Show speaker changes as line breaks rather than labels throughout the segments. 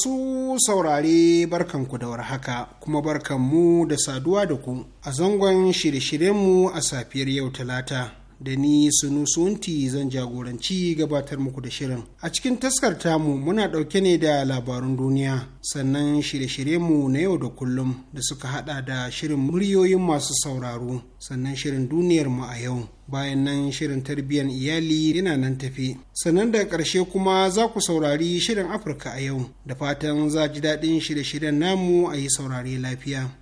masu saurare barkanku da haka kuma barkanmu da saduwa da ku a zangon shirye-shiryenmu a safiyar yau talata da ni sunti zan jagoranci gabatar muku da shirin a cikin taskar tamu muna ɗauke ne da labarun duniya sannan shirye mu na yau da kullum da suka hada da shirin muryoyin masu sauraro sannan shirin duniyar mu a yau bayan nan shirin tarbiyyar iyali yana nan tafi sannan da ƙarshe kuma za ku saurari shirin afirka a yau da fatan za ji daɗin shirye-shiryen namu a yi saurari lafiya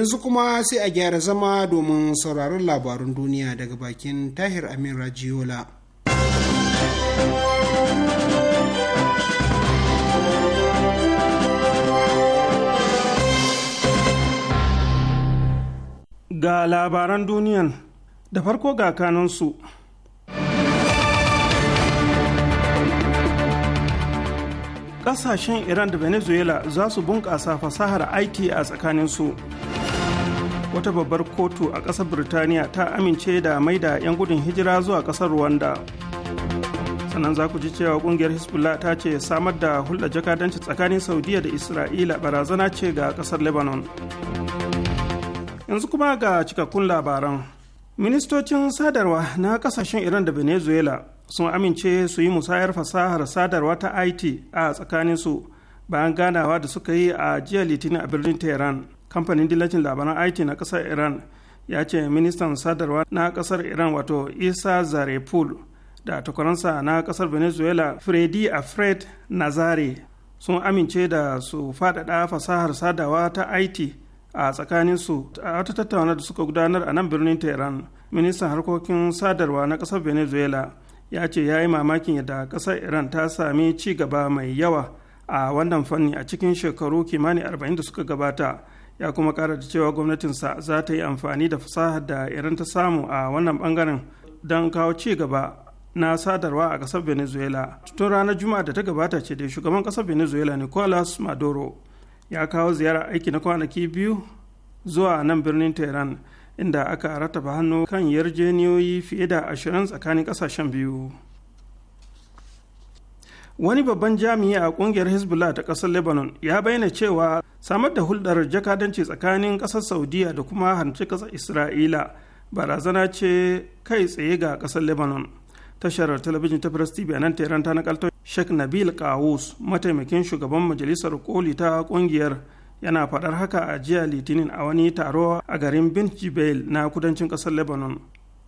yanzu kuma sai a gyara zama domin sauraron labarun duniya daga bakin tahir amin rajiola
ga labaran duniyan da farko ga kanansu kasashen iran da venezuela za su bunƙasa fasahar aiki a tsakaninsu wata babbar kotu a ƙasar birtaniya ta amince da maida 'yan gudun hijira zuwa ƙasar rwanda sannan za ku ji cewa ƙungiyar hezbollah ta ce samar da hulɗa jakadanci tsakanin saudiya da isra'ila barazana ce ga ƙasar lebanon yanzu kuma ga cikakkun labaran ministocin sadarwa na ƙasashen iran da venezuela sun amince su yi musayar fasahar sadarwa ta it a tsakaninsu bayan ganawa da suka yi a jiya litinin a birnin tehran kamfanin dillacin labaran it na kasar iran ya ce ministan sadarwa na kasar iran wato isa zarepul da takwaransa na kasar venezuela freddy afred nazare sun amince da su faɗaɗa fasahar sadawa ta it a tsakaninsu a wata tattauna da suka gudanar a nan birnin tehran ministan harkokin sadarwa na kasar venezuela ya ce ya yi mamakin yadda kasar iran ta sami ci gaba mai yawa a wannan fanni a cikin shekaru kimanin arba'in da suka gabata ya kuma kara da cewa gwamnatinsa za ta yi amfani da fasaha da irin ta samu a wannan bangaren don kawo ci gaba na sadarwa a kasar venezuela tun ranar juma'a da ta gabata ce da shugaban kasar venezuela nicolas maduro ya kawo ziyara aiki na kwanaki biyu zuwa nan birnin tehran inda aka rataba hannu kan yarjeniyoyi fiye da ashirin tsakanin kasashen biyu wani babban jami'i a kungiyar hezbollah ta kasar lebanon ya bayyana cewa samar da hulɗar jakadanci tsakanin ƙasar saudiya da kuma hanci ƙasar isra'ila barazana ce kai tsaye ga ƙasar lebanon tashar talabijin ta press tv a nan teran ta nakalto sheikh nabil kawus mataimakin shugaban majalisar koli ta kungiyar yana faɗar haka a jiya litinin a wani taro a garin bin jibel na kudancin kasar lebanon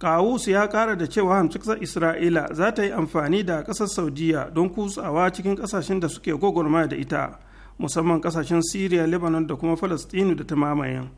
Kawus ya kara da cewa kasar Isra'ila za ta yi amfani da kasar Saudiya don kusawa cikin kasashen da suke gwagwarmaya da ita, musamman kasashen syria Lebanon da kuma Falastinu da ta mamaye.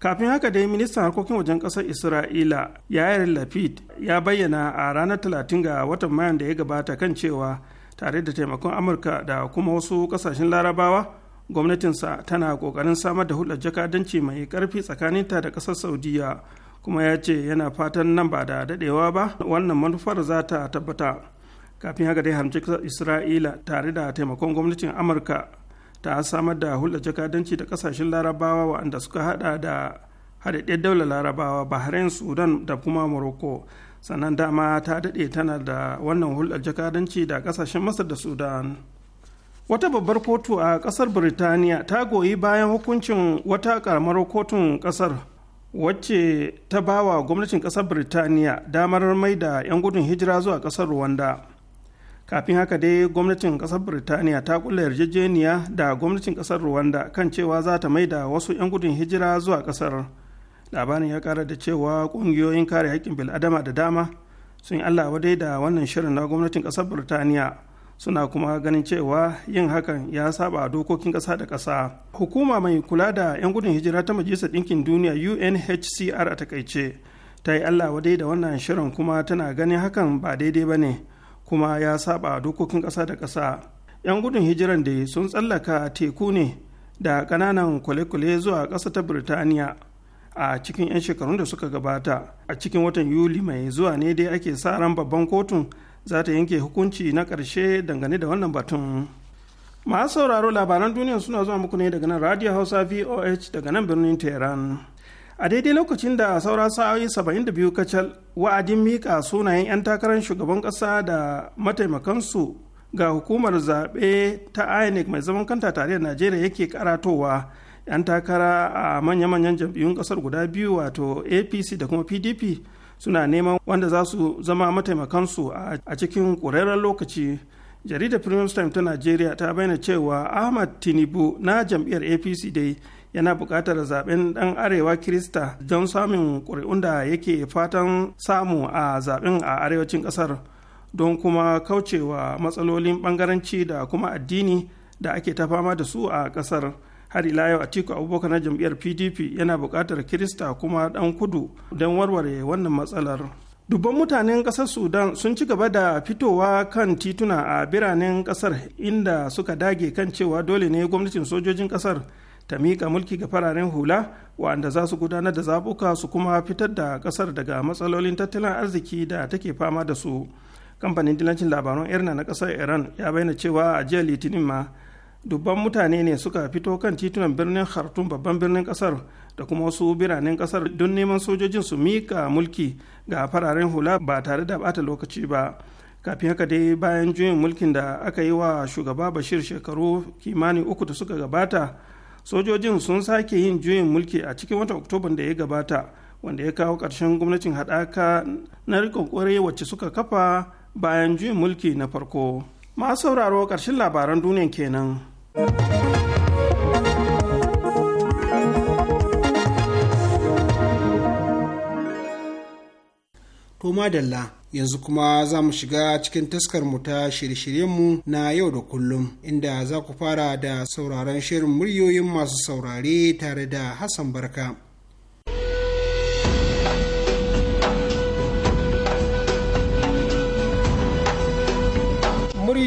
Kafin haka dai ministan harkokin wajen kasar Isra'ila Yair Lapid ya bayyana a ranar talatin ga watan Mayan da ya gabata kan cewa tare da taimakon Amurka da kuma wasu kasashen Larabawa gwamnatinsa tana kokarin samar da hulɗar jakadanci mai ƙarfi tsakaninta da kasar Saudiya kuma ya ce yana fatan nan ba da dadewa ba wannan manufar za ta tabbata kafin haka dai hamci isra'ila tare da taimakon gwamnatin amurka ta samar da hulɗar jakadanci da kasashen larabawa waɗanda suka hada da haɗaɗɗen daular larabawa bahrain sudan da kuma morocco sannan dama ta daɗe tana da wannan hulɗar jakadanci da kasashen masar da sudan wata babbar kotu a ƙasar birtaniya ta goyi bayan hukuncin wata ƙaramar kotun ƙasar wacce ta ba wa gwamnatin ƙasar birtaniya damar mai da 'yan gudun hijira zuwa ƙasar rwanda kafin haka dai gwamnatin ƙasar birtaniya ta kula yarjejeniya da gwamnatin ƙasar rwanda kan cewa za ta mai da wasu 'yan gudun hijira zuwa ƙasar labarin ya kara da cewa ƙungiyoyin kare haƙƙin bil'adama da dama sun yi allah dai da wannan shirin na gwamnatin ƙasar birtaniya suna kuma ganin cewa yin hakan ya saba dokokin ƙasa da ƙasa hukuma mai kula da 'yan gudun hijira ta majalisar ɗinkin duniya unhcr a takaice ta yi allah wadai da wannan shirin kuma tana ganin hakan ba daidai ba ne kuma ya saba dokokin ƙasa da ƙasa 'yan gudun hijiran da sun tsallaka teku ne da ƙananan kwalekwale kule zuwa ƙasa ta birtaniya a cikin 'yan shekarun da suka gabata a cikin watan yuli mai zuwa ne dai ake sa ran babban kotun za ta yanke hukunci na ƙarshe dangane da wannan batun masu sauraro labaran duniya suna zuwa muku ne daga nan radio hausa voh daga nan birnin tehran a daidai lokacin da saura sa'o'i 72 kacal wa'adin mika sunayen 'yan takarar shugaban ƙasa da mataimakansu ga hukumar zaɓe ta inec mai zaman kanta tare da najeriya yake karatowa 'yan takara a manya-manyan jam'iyyun ƙasar guda biyu wato apc da kuma pdp suna neman wanda za su zama mataimakansu a cikin ƙurarren lokaci jaridar premium time ta nigeria ta bayyana cewa ahmad tinubu na jam'iyyar apc dai yana buƙatar zaben ɗan arewa kirista don samun ƙuri'un da yake fatan samu a zaben a arewacin ƙasar don kuma kaucewa matsalolin ɓangaranci da kuma addini da ake ta fama da su a ƙasar har ila yau atiku abubakar na jam'iyyar pdp yana buƙatar kirista kuma ɗan kudu don warware wannan matsalar dubban mutanen ƙasar sudan sun ci gaba da fitowa kan tituna a biranen ƙasar inda suka dage kan cewa dole ne gwamnatin sojojin ƙasar ta miƙa mulki ga fararen hula waɗanda za su gudanar da zaɓuka su kuma fitar da ƙasar daga matsalolin tattalin arziki da take fama da su kamfanin dilancin labaran irna na ƙasar iran ya bayyana cewa a jiya litinin ma dubban mutane ne suka fito kan titunan birnin khartoum babban birnin kasar da kuma wasu biranen kasar don neman sojojin su mika mulki ga fararen hula ba tare da bata lokaci ba kafin haka dai bayan juyin mulkin da aka yi wa shugaba bashir shekaru kimanin uku da suka gabata sojojin sun sake yin juyin mulki a cikin watan oktoban da ya gabata wanda ya kawo ƙarshen gwamnatin haɗaka na riƙon ƙwarai wacce suka kafa bayan juyin mulki na farko. masu sauraro ƙarshen labaran duniyan kenan.
To madalla yanzu kuma za mu shiga cikin taskarmu ta shirye-shiryenmu na yau da kullum inda za ku fara da sauraron shirin muryoyin masu saurare tare da Hassan Barka.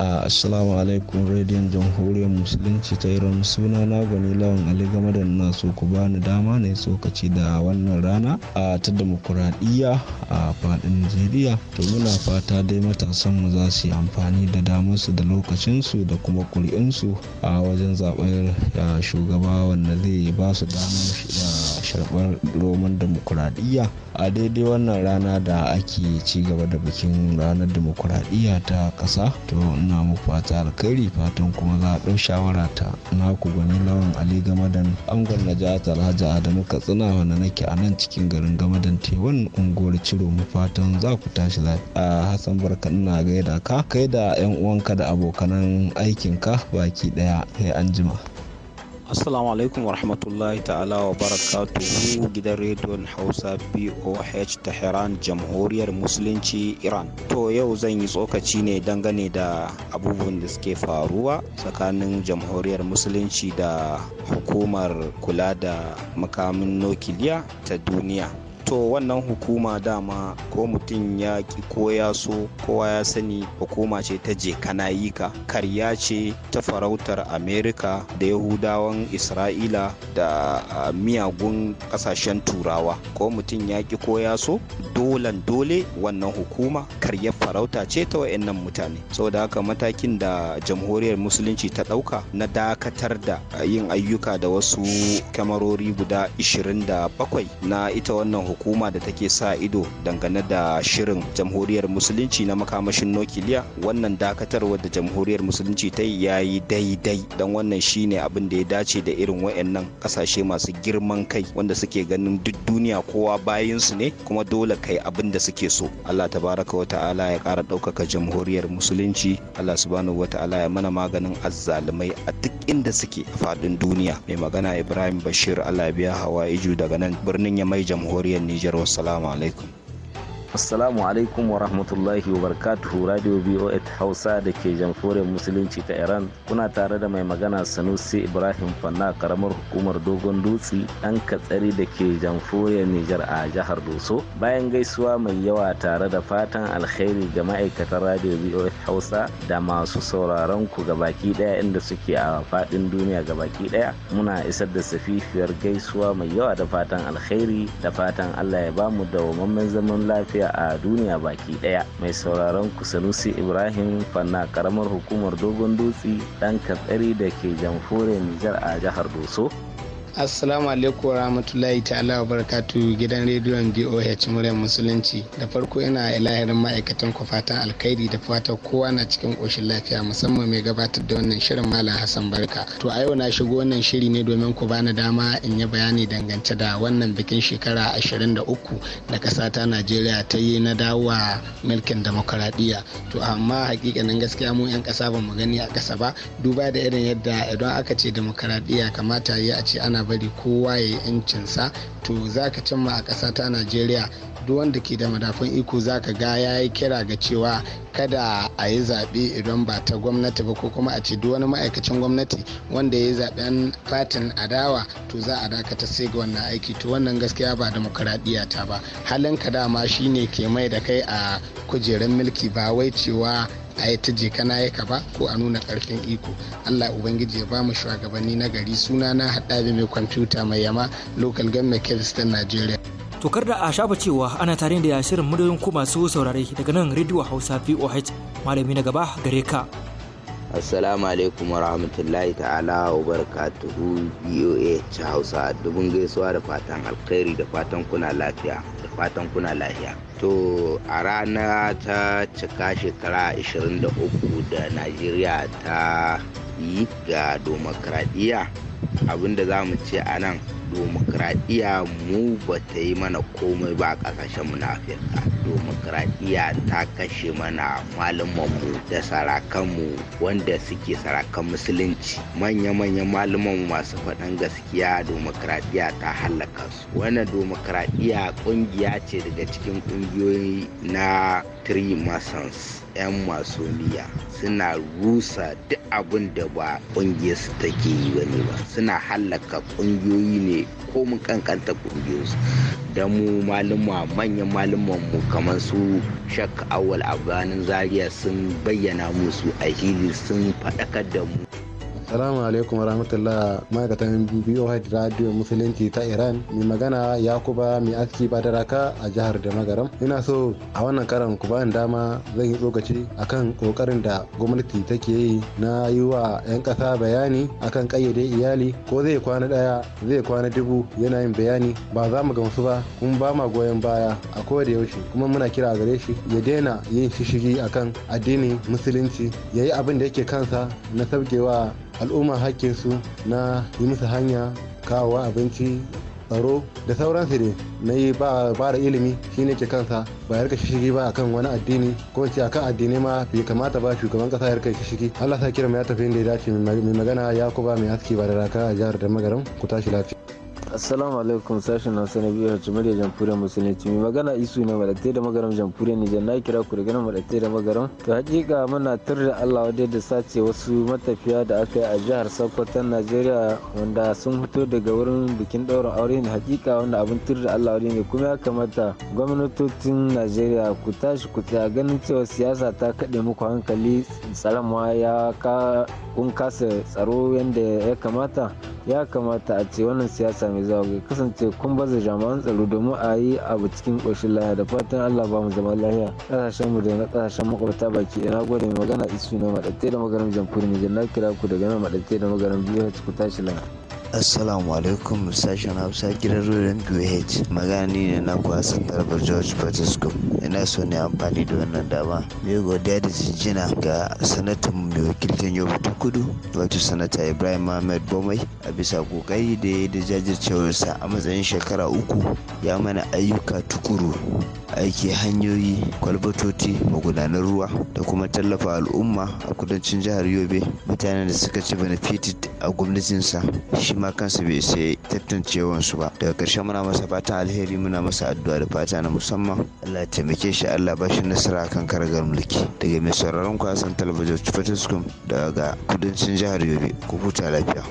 a assalamu alaikum rediyon jamhuriyar musulunci ta iran suna na gani lawan ali game da na so ku bani dama ne tsokaci da wannan rana a ta demokuraɗiyya a fadin nigeria to muna fata dai matasan mu za su yi amfani da damarsu da lokacinsu da kuma kuri'insu a wajen zaɓen shugaba wanda zai ba su damar sharɓar roman demokuraɗiyya a daidai wannan rana da ake ci gaba da bikin ranar demokuraɗiyya ta ƙasa to ina muku fata alkhairi fatan kuma za a ɗau shawara ta na ku gani lawan ali gamadan angon na jihar alhaji adamu katsina wanda nake a nan cikin garin gamadan tewan unguwar ciro mu fatan za ku tashi lafiya hassan barka ina gaida ka kai da yan uwanka da abokanan aikinka baki ɗaya sai anjima. Assalamu alaikum wa rahmatullahi ta'ala wa barakatuhu gidan rediyon Hausa BOH Tehran Jamhuriyar Musulunci Iran. To yau zan yi tsokaci ne dangane da abubuwan da suke faruwa tsakanin Jamhuriyar Musulunci da hukumar kula da makamin nukiliya ta duniya. to wannan hukuma dama ko mutum ya ki ko ya so kowa ya sani hukuma ce ta je kanayika karya ce ta farautar amerika da yahudawan isra'ila da miyagun kasashen turawa ko mutum ya ki ko ya so dolan dole wannan hukuma karya farauta ce ta wayannan mutane saboda haka matakin da jamhuriyar musulunci ta ɗauka na dakatar da yin ayyuka da wasu kamarori guda 27 na ita wannan hukuma da take sa ido dangane da shirin jamhuriyar musulunci na makamashin nukiliya wannan dakatarwar da jamhuriyar musulunci ta yi ya yi daidai don wannan shine abin da ya dace da irin wayannan kasashe masu girman kai wanda suke ganin duk duniya kowa bayansu ne kuma dole kai abin da suke so allah tabaraka wa ta'ala ya kara ɗaukaka jamhuriyar musulunci allah subhanahu wa ta'ala ya mana maganin azzalumai a duk inda suke a faɗin duniya mai magana ibrahim bashir allah biya hawa iju daga nan birnin ya yamai jamhuriyar jamhuriyar Nijar wassalamu alaikum Assalamu alaikum wa rahmatullahi wa barkatu Radio BOS Hausa da ke jamhuriyar Musulunci ta Iran kuna tare da mai magana Sanusi Ibrahim Fanna karamar hukumar Dogon Dutse ɗan katsari da ke jamhuriyar Nijar a jihar Doso.
Bayan gaisuwa
mai yawa tare da fatan alkhairi ga ma'aikatan Radio BOS Hausa da masu sauraron ku ga baki ɗaya inda suke a fadin duniya ga baki ɗaya muna isar da safifiyar gaisuwa mai yawa da fatan alkhairi da fatan Allah ya bamu dawamammen zaman lafiya lafiya a duniya baki daya mai sauraron kusanusi ibrahim fanna karamar hukumar dogon dutse dan katsari da ke jamfore nijar a jihar doso
Assalamu alaikum wa rahmatullahi ta'ala wa barakatu gidan rediyon BOH muryar musulunci da farko ina ilahirin ma'aikatan ku fatan alkhairi da fatan kowa na cikin koshin lafiya musamman mai gabatar da wannan shirin Malam Hassan Barka. To a yau na shigo wannan shiri ne domin ku bani dama in yi bayani dangance da wannan bikin shekara ashirin da uku kasa ta Najeriya ta yi na dawowa milkin demokaradiyya. To amma hakikanin gaskiya mu 'yan kasa ba mu gani a kasa ba duba da irin yadda idan aka ce demokaradiyya kamata yi ce ana bari kowa ya yi 'yancinsa to za ka cimma a ƙasa ta najeriya duk wanda ke da madafun iko za ka ga ya yi kira ga cewa kada a yi zaɓe idan ba ta gwamnati ba ko kuma a ce duk wani ma'aikacin gwamnati wanda ya yi zaɓen fatin adawa to za a dakata sai ga wannan aiki to wannan gaskiya ba demokaradiyya ta ba halin ka dama shine ke mai da kai a kujerar mulki ba wai cewa a yi ta jekana ya ba ko a nuna karfin iko allah ubangiji ya ba mu shugabanni na gari suna na haɗabi mai kwamfuta mai yama local government kebis ta nigeria
To kar da a shafa cewa ana tare da shirin muryoyin ku masu saurare daga nan rediyo Hausa VOH malami na gaba gare ka.
Assalamu alaikum warahmatullahi ta'ala wa barakatuhu BOA ta Hausa dubun gaisuwa da fatan alkhairi da fatan kuna lafiya da fatan kuna lafiya. To a rana ta cika shekara 23 da Najeriya ta yi ga demokradiyya abinda za mu ce a nan dimokraɗiyya mu ba ta yi mana komai ba a mu na Afirka. Domokuraɗiyya ta kashe mana malumanmu da sarakanmu wanda suke sarakan musulunci. Manya-manyan malumanmu masu faɗan gaskiya domokuraɗiyya ta hallaka su. Wannan dimokraɗiyya ƙungiya ce daga cikin ƙungiyoyi na Three Masons. 'yan masoniya suna rusa duk abin da ba ƙungiyar su take yi ba ne ba suna hallaka ƙungiyoyi ne ko mun kankanta ƙungiyarsu da mu malama manyan malaman mu kamar su shak awal abanin zaria sun bayyana musu a sun faɗakar da mu
Assalamu alaikum rahmatullah ma'aikatan BOH Radio Musulunci
ta Iran mai magana ya kuba mai aski ba da raka a jihar da magaram. Ina so a wannan karan ku bani dama zan yi tsokaci kan kokarin da gwamnati take yi
na yi wa 'yan ƙasa bayani kan kayyade iyali ko zai kwana ɗaya zai kwana dubu yana yin bayani ba za mu gamsu ba Kuma ba ma goyon baya a koda yaushe kuma muna kira gare shi ya daina yin shishigi akan addinin musulunci ya yi abin da yake kansa na sabgewa al'umma su na yi musu hanya kawo abinci tsaro da sauransu ne na yi ba da ilimi shi ne ke kansa ba ya rika shishigi ba akan wani addini ko ce akan addini ma bai kamata ba shugaban kasa ya rika shishigi Allah sa kiran ya tafi inda ya dace mai magana ya kuba mai aski ba da raka a jihar da magaran ku tashi lafiya
assalamu alaikum sashen na na biyu hajji murya jamfuriya musulunci mai magana isu ne malatai da magaram jamhuriyar nijar na kira ku ganin nan madattai da magaram to hakika muna tur da allah wadai da sace wasu matafiya da aka yi a jihar sokoto najeriya wanda sun fito daga wurin bikin ɗaurin aure ne hakika wanda abin tur da allah wadai ne kuma ya kamata gwamnatocin najeriya ku tashi ku ta ganin cewa siyasa ta kaɗe muku hankali tsaron ma ya ka kun kasa tsaro yadda ya kamata ya kamata a ce wannan siyasa mai mai zagaye kasance kun baza jama'an tsaro domin a yi abu cikin ƙoshin lahiya da fatan Allah ba mu zaman lahiya ƙasashen mu da na ƙasashen makwabta baki ina gode mai magana isu na maɗaɗɗe da maganar jamhuriyar Nijar na kira ku daga nan maɗaɗɗe da maganar biyu ku tashi lahiya.
Assalamu alaikum sashen Hausa gidan Rodon BH magani ne na kwasan tarbar George Batisco. Ina so ne amfani da wannan dama. Mai godiya da jinjina ga sanatan mai wakiltar yau ta kudu wato sanata Ibrahim Ahmed Bomai a bisa kokari da ya da jajircewar sa, a matsayin shekara uku ya mana ayyuka tukuru aiki hanyoyi kwalbatoti magudanar ruwa da kuma tallafa al'umma a kudancin jihar Yobe mutanen da suka ci benefited a gwamnatinsa shi ma kansu bai sai tantancewan su ba daga ƙarshe muna masa fatan alheri muna masa addu'a da fata na musamman Allah ya taimake shi Allah ba shi nasara kan karagar mulki daga mai sauraron ku kwasan talabijin Tufatiskum daga kudancin jihar Yobe ku huta lafiya.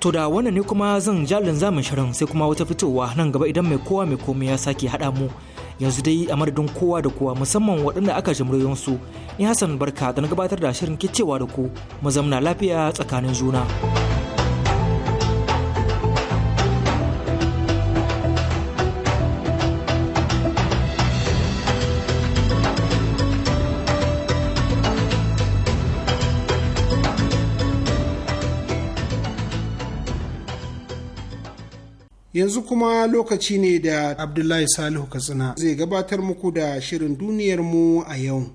To da wannan ne kuma zan jalin zamun shirin sai kuma wata fitowa nan gaba idan mai kowa mai komai ya sake haɗa mu yanzu dai a madadin kowa da kowa musamman waɗanda aka jimriyon su ni Hassan Barka da na gabatar da shirin kicewa da ku mu zamna lafiya tsakanin juna.
yanzu kuma lokaci ne da abdullahi salihu katsina zai gabatar muku da shirin duniyarmu a yau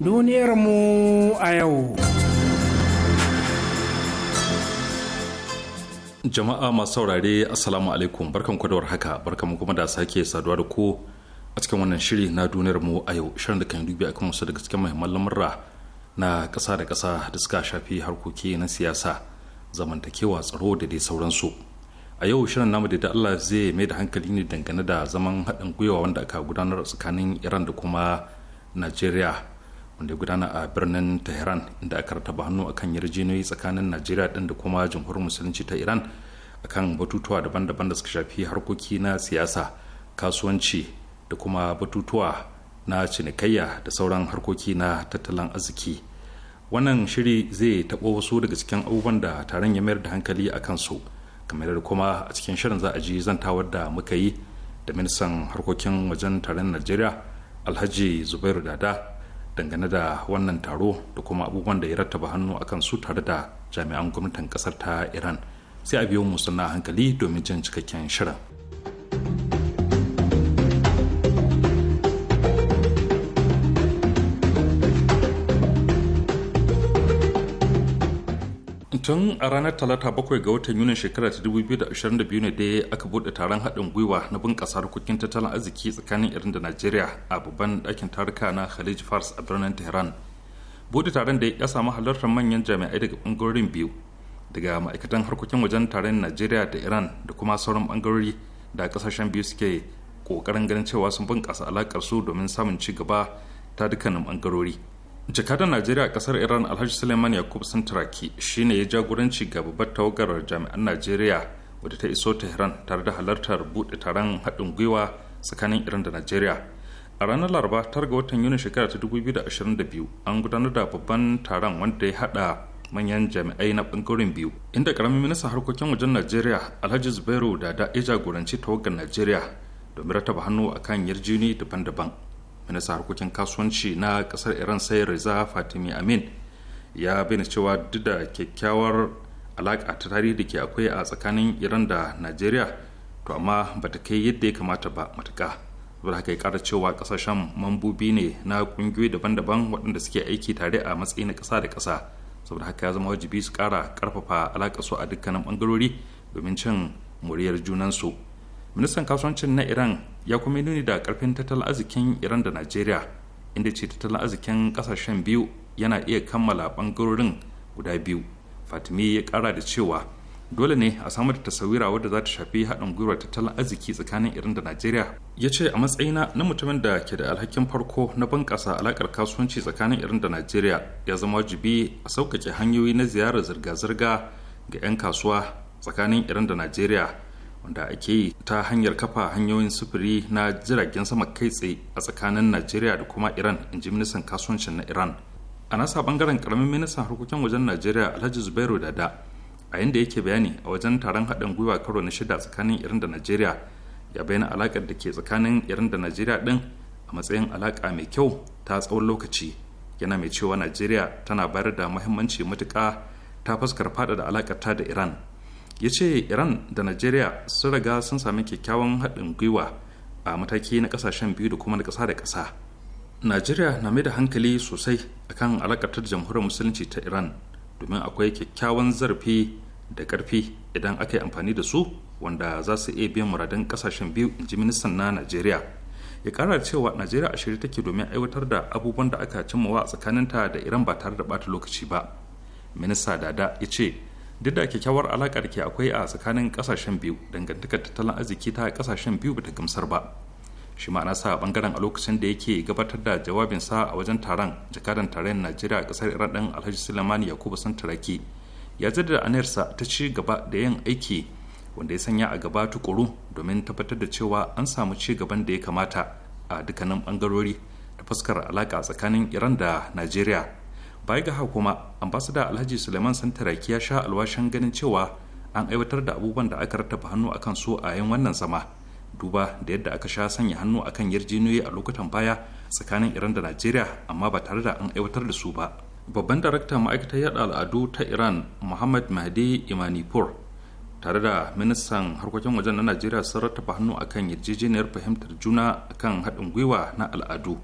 duniyar mu a yau
jama'a masu saurare assalamu alaikum barkan kwadawar haka barkan kuma da sake saduwa da ku a cikin wannan shiri na duniyar mu a yau shirin da kan dubi kan wasu daga cikin muhimman lamurra na ƙasa da kasa da suka shafi harkoki na siyasa zamantakewa tsaro da dai sauransu a yau shirin namu da Allah zai mai da hankali ne dangane da zaman haɗin gwiwa wanda aka gudanar tsakanin iran da kuma najeriya wanda gudana a birnin tehran inda aka rataba hannu akan yarjejeniyoyi tsakanin najeriya ɗin da kuma jamhuriyar musulunci ta iran akan batutuwa daban-daban da suka shafi harkoki na siyasa kasuwanci da kuma batutuwa na cinikayya da sauran harkoki na tattalin arziki wannan shiri zai taɓo wasu daga cikin abubuwan da taron ya mayar da hankali a kansu kamar kuma a cikin shirin za a ji zantawar da muka yi da ministan harkokin wajen taron najeriya alhaji zubairu dada dangane da wannan taro da kuma abubuwan da ya rattaba hannu a kansu tare da jami'an gwamnatin kasar ta iran sai a biyo mu sannan hankali domin jin cikakken shirin tun a ranar talata bakwai ga watan yunin shekara ta 2022 ne dai aka bude taron haɗin gwiwa na bunƙasa harkokin tattalin arziki tsakanin irin da najeriya a babban ɗakin taruka na khalij fars a birnin tehran bude taron da ya samu halartar manyan jami'ai daga ɓangarorin biyu daga ma'aikatan harkokin wajen taron najeriya da iran da kuma sauran ɓangarori da ƙasashen biyu suke ƙoƙarin ganin cewa sun bunƙasa alaƙar su domin samun ci gaba ta dukkanin ɓangarori jakadan najeriya a kasar iran alhaji suleiman yakub santaraki shine ya jagoranci ga babbar tawagar jami'an najeriya wadda ta iso tehran tare da halartar buɗe taron haɗin gwiwa tsakanin iran da najeriya a ranar laraba tar ga watan yuni shekara ta 2022 an gudanar da babban taron wanda ya haɗa manyan jami'ai na bangaren biyu inda karamin ministan harkokin wajen najeriya alhaji zubairu da da ya jagoranci tawagar najeriya domin rataba hannu akan yarjini daban-daban minista harkokin kasuwanci na kasar iran sai reza fatimi amin ya bayyana cewa duk da kyakkyawar alaƙa ta tarihi da ke akwai a tsakanin iran da najeriya to amma ba ta kai yadda ya kamata ba matuƙa saboda haka ya ƙara cewa ƙasashen mambobi ne na ƙungiyoyi daban-daban waɗanda suke aiki tare a matsayi na ƙasa da ƙasa saboda haka ya zama wajibi su ƙara ƙarfafa alaƙa su a dukkanin ɓangarori domin cin muryar junansu ministan kasuwancin na iran ya kuma yi nuni da karfin tattalin arzikin iran da najeriya inda ce tattalin arzikin kasashen biyu yana iya kammala bangarorin guda biyu fatimi ya kara da cewa dole ne a samar da tasawira wadda za ta shafi haɗin gwiwar tattalin arziki tsakanin iran da najeriya ya ce a matsayina na mutumin da ke da alhakin farko na bunƙasa alaƙar kasuwanci tsakanin iran da najeriya ya zama wajibi a sauƙaƙe hanyoyi na ziyarar zirga-zirga ga 'yan kasuwa tsakanin iran da najeriya wanda ake yi ta hanyar kafa hanyoyin sufuri na jiragen sama kai tsaye a tsakanin najeriya da kuma iran in ji ministan kasuwancin na iran a nasa bangaren karamin ministan harkokin wajen najeriya alhaji zubairu dada a yadda yake bayani a wajen taron haɗin gwiwa karo na shida tsakanin iran da najeriya ya bayyana alaƙar da ke tsakanin iran da najeriya ɗin a matsayin alaƙa mai kyau ta tsawon lokaci yana mai cewa najeriya tana bayar da muhimmanci matuƙa ta fuskar faɗaɗa alaƙar ta da iran ya ce iran da najeriya sun raga sun sami kyakkyawan haɗin gwiwa a mataki na ƙasashen biyu da kuma na ƙasa da ƙasa najeriya na mai da hankali sosai akan alaƙatar jamhuriyar musulunci ta iran domin akwai kyakkyawan zarafi da ƙarfi idan aka yi amfani da su wanda za su iya biyan muradun ƙasashen biyu in ji ministan na najeriya ya ƙara cewa najeriya a shirye take domin aiwatar da abubuwan da aka cimmawa a tsakaninta da iran ba tare da bata lokaci ba minista dada ya ce duk da kyakkyawar alakar ke akwai a tsakanin kasashen biyu dangantakar tattalin arziki ta kasashen biyu bata gamsar ba shi ma'ana sa bangaren a lokacin da yake gabatar da jawabinsa a wajen taron jakadan tarayyar najeriya a kasar iran dan alhaji sulaimani yakubu santarake ya jaddada anayarsa ta ci gaba da yin aiki wanda ya sanya a gaba tukuru domin tabbatar da cewa an samu ci gaban da ya kamata a dukkanin bangarori ta fuskar alaka tsakanin iran da najeriya baya ga haka kuma ambasada alhaji suleiman santaraki ya sha alwashin ganin cewa an aiwatar da abubuwan da aka rattafa hannu akan su a yin wannan zama duba da yadda aka sha sanya hannu akan yarjejeniyoyi a lokutan baya tsakanin iran da najeriya amma ba tare da an aiwatar da su ba babban daraktan ma'aikatar yada al'adu ta iran muhammad mahdi imanipur tare da ministan harkokin wajen na najeriya sun rattafa hannu akan yarjejeniyar fahimtar juna akan haɗin gwiwa na al'adu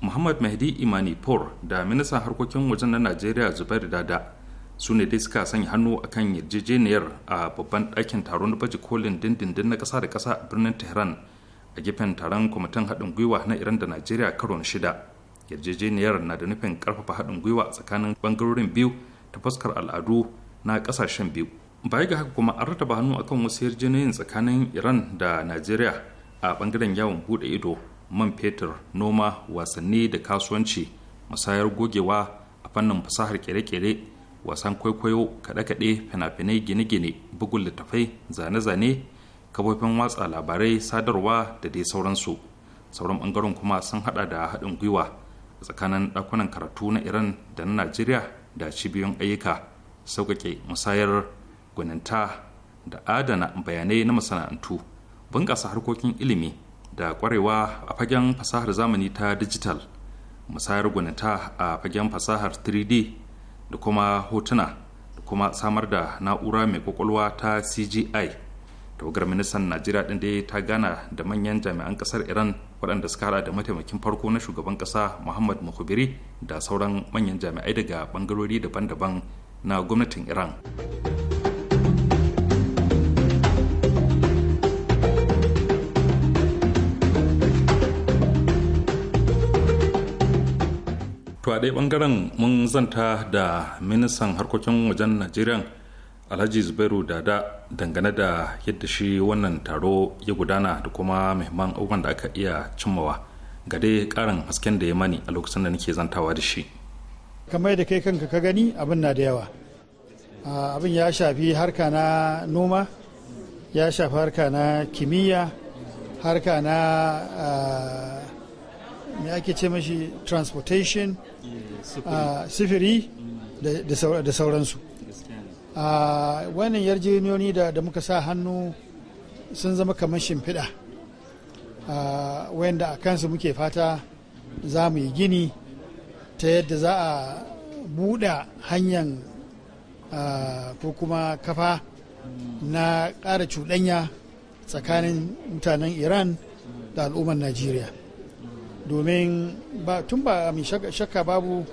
muhammad mahdi imani por da ministan harkokin wajen na najeriya zubair dada su ne dai suka sanya hannu akan yarjejeniyar a babban ɗakin taron baje kolin dindindin na ƙasa da ƙasa a birnin tehran a gefen taron kwamitin haɗin gwiwa na iran da najeriya karo na shida yarjejeniyar na da nufin ƙarfafa haɗin gwiwa tsakanin ɓangarorin biyu ta fuskar al'adu na ƙasashen biyu baya ga haka kuma an rataba hannu akan wasu yarjejeniyar tsakanin iran da najeriya a ɓangaren yawon buɗe ido man fetur noma wasanni da kasuwanci musayar gogewa a fannin fasahar kere-kere wasan kwaikwayo kaɗe-kaɗe fina-finai gine-gine bugun littafai zane-zane kafofin watsa labarai sadarwa da dai sauransu sauran ɓangaren kuma sun hada da haɗin gwiwa tsakanin ɗakunan karatu na iran da na najeriya da cibiyoyin ayyuka sauƙaƙe musayar gwaninta da adana bayanai na masana'antu bunƙasa harkokin ilimi da kwarewa a fagen fasahar zamani ta digital musayar gwanita a fagen fasahar 3d da kuma hotuna da kuma samar da na'ura mai kwakwalwa ta cgi tawagar ministan najeriya din dai ta gana da manyan jami'an kasar iran waɗanda suka hada da mataimakin farko na shugaban ƙasa muhammad muhubiri da sauran manyan jami'ai daga ɓangarori daban-daban na gwamnatin iran. to a ɗaya ɓangaren mun zanta da ministan harkokin wajen najeriya alhaji zubairu dada dangane da yadda shi wannan taro ya gudana da kuma mahimman abubuwan da aka iya cimmawa ga dai ƙarin hasken da ya mani a lokacin da nake zantawa da shi
kamar da kai kanka ka gani abin na da yawa abin ya shafi harka na noma ya shafi harka na kimiyya harka na me ake ce mashi transportation Ah, sifiri da sauransu a ah, wannan yarjejeniyoyi da muka sa hannu sun zama kamar shimfiɗa ah, wayanda a kansu muke fata za mu yi gini ta yadda za a buɗe hanyar ko kuma kafa na ƙara cuɗanya tsakanin mutanen iran da al'ummar najeriya domin tun ba mai shakka babu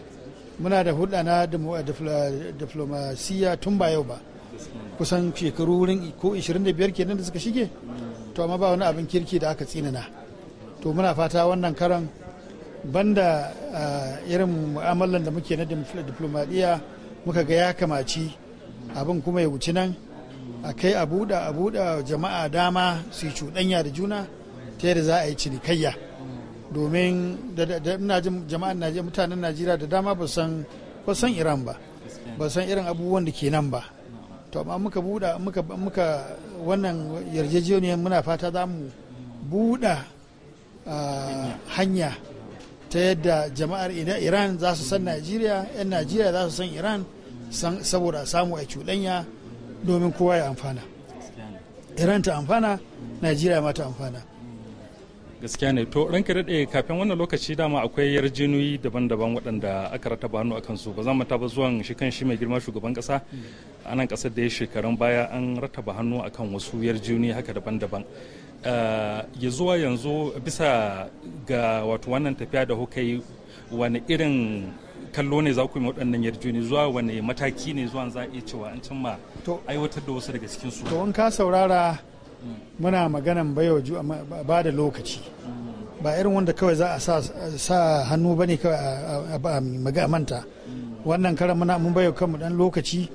muna da hulɗa na eh, diflomasiya tun ba yau ba kusan shekaru wurin ko 25 kenan da suka shige to amma ba wani abin kirki da aka tsinana to muna fata wannan karan banda eh, irin mu'amalan da muke na diplomadiya muka ga ya kamaci abin kuma ya wuci nan a kai a buɗa a buɗa jama'a dama su yi cuɗanya da juna ta yadda za a yi cinikayya domin ina jin jama'an najeriya mutanen najeriya da dama ba san ba san iran ba ba san irin abubuwan da ke nan ba to amma muka buɗa muka muka wannan yarjejeniyar muna fata za mu buɗa ah, hanya ta yadda jama'ar iran za su san najeriya 'yan najeriya za su san iran saboda samu a cuɗanya domin kowa ya amfana iran ta amfana najeriya ma ta amfana
gaskiya ne to ranka dade kafin wannan lokaci dama akwai yarjinuyi daban-daban waɗanda aka rataba hannu akan su ba za mu taba zuwan shi kan shi mai girma shugaban kasa. a nan ƙasar da ya shekarun baya an rata ba hannu akan wasu yarjinuyi haka daban-daban eh, ya zuwa yanzu bisa ga wato wannan tafiya da kuka yi wani irin kallo ne za ku yi waɗannan yarjejeni zuwa wani mataki ne zuwa za a iya cewa an cimma aiwatar da wasu daga
cikin su to in ka saurara muna maganan baiwa ba da lokaci ba irin wanda kawai za a sa hannu ba ne kawai a manta wannan karan muna mun bayo kanmu dan lokaci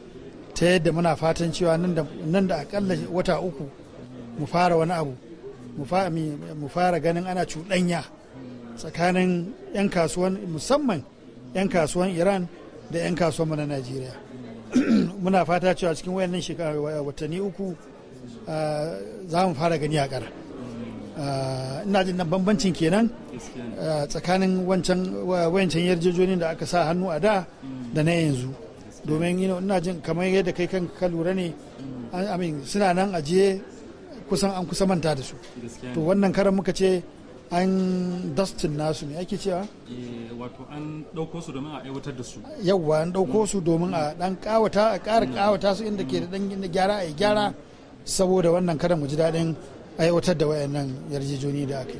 ta yadda muna fatan cewa nan da akalla wata uku mu fara wani abu mu fara ganin ana cuɗanya tsakanin 'yan kasuwan musamman 'yan kasuwan iran da 'yan kasuwan na najeriya muna fata cewa cikin wayannan shekaru watanni uku Ah, za mu fara gani a ƙara ah, ina jin bambancin kenan ah, tsakanin wancan yarjejonin da aka sa hannu a da da na yanzu domin ina jin kamar yadda kai kan ka lura ne suna nan ajiye kusan an kusa manta da su to wannan karan muka ce an dustin nasu ne ake cewa
eh, wato an ɗauko su domin a aiwatar da su
yauwa an ɗauko mm. su domin a ɗan ƙawata a ƙara mm. ƙawata su inda ke da ɗan gyara a yi gyara mm. saboda wannan kada mu ji daɗin aiwatar da wayannan yarjejoni da aka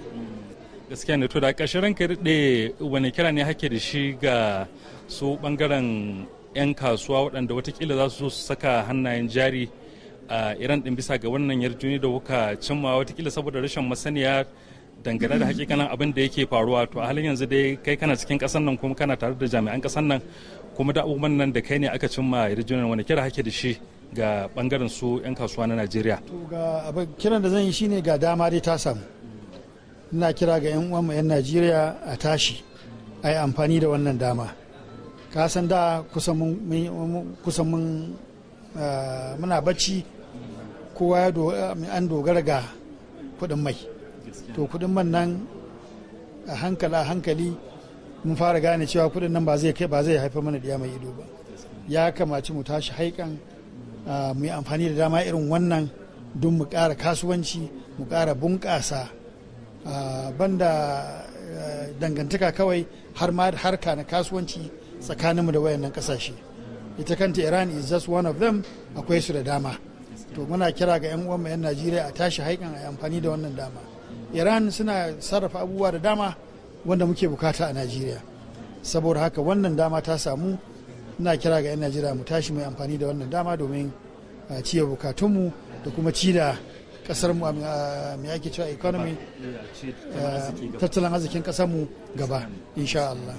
gaskiya ne to da ƙarshen ka daɗe wani kira ne hake da shi ga su ɓangaren 'yan kasuwa waɗanda watakila za su saka hannayen jari a iran ɗin bisa ga wannan yarjejoni da kuka cimma watakila saboda rashin masaniya dangane da hakikanin abin da yake faruwa to a halin yanzu dai kai kana cikin kasan nan kuma kana tare da jami'an kasan nan kuma da abubuwan nan da kai ne aka cimma yarjejeniyar wani kira hake da shi ga bangaren su 'yan kasuwa na najeriya to
ga kiran da zan yi shine ga dama dai ta samu ina kira ga 'yan uwanmu 'yan najeriya a tashi a yi amfani da wannan dama ka san da kusan mun muna bacci kowa ya an dogara ga kudin mai to kudin man nan a hankali a hankali mun fara gane cewa kudin nan ba zai haifar mana diya mai ido ba ya kamaci mu tashi haikan Ah, mu yi amfani da dama irin wannan don mu ƙara kasuwanci mu ƙara bunƙasa ah, banda eh, dangantaka kawai har ma harka na kasuwanci tsakaninmu da wayannan ƙasashe ita kanta iran is just one of them akwai su da dama to muna kira ga 'yan uwanmu 'yan najeriya a tashi haikan a amfani da wannan dama iran suna sarrafa abubuwa da dama wanda muke bukata a najeriya saboda haka wannan dama ta samu ina kira ga 'yan najeriya mu tashi mai amfani da wannan dama domin ciye bukatunmu da kuma ci da kasar mu mai ake cewa economy tattalin arzikin kasar mu gaba insha Allah.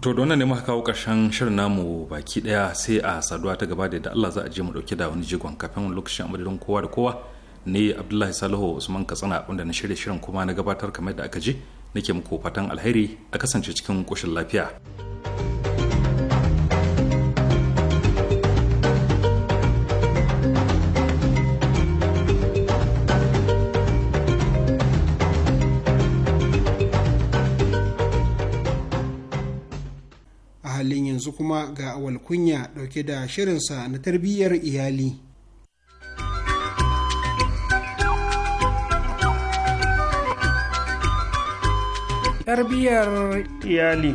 to da wannan ne muka kawo karshen shirin namu baki daya sai a saduwa ta gaba da Allah za a je mu dauke da wani jigon kafin lokacin amadadin kowa da kowa ni abdullahi salihu usman katsina wanda na shirya shirin kuma na gabatar kamar da aka ji nake muku fatan alheri a kasance cikin koshin lafiya
a halin yanzu kuma ga awal kunya dauke da shirinsa na tarbiyyar iyali tarbiyyar iyali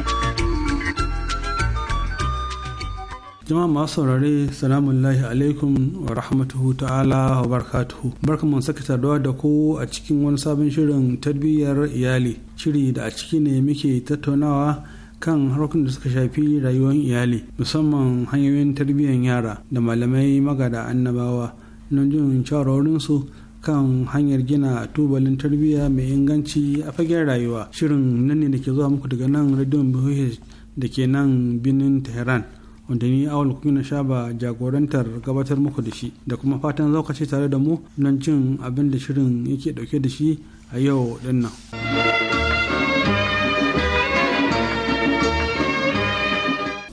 jama'a masu saurare salamu alaihi alaikum wa rahmatuhu ta'ala wa barakatuhu barka mun saka saduwa da ku a cikin wani sabon shirin tarbiyyar iyali shiri da a ciki ne muke tattaunawa kan harkokin da suka shafi rayuwar iyali musamman hanyoyin tarbiyyar yara da malamai magada annabawa don jin shawarorinsu kan hanyar gina tubalin tarbiyya mai inganci a fagen rayuwa shirin nan ne da ke zuwa muku daga nan radion bh da ke nan birnin tehran wanda ni awal kuma na sha jagorantar gabatar muku da shi da kuma fatan zaukace tare da mu nan cin abin da shirin yake dauke da shi a yau dinnan.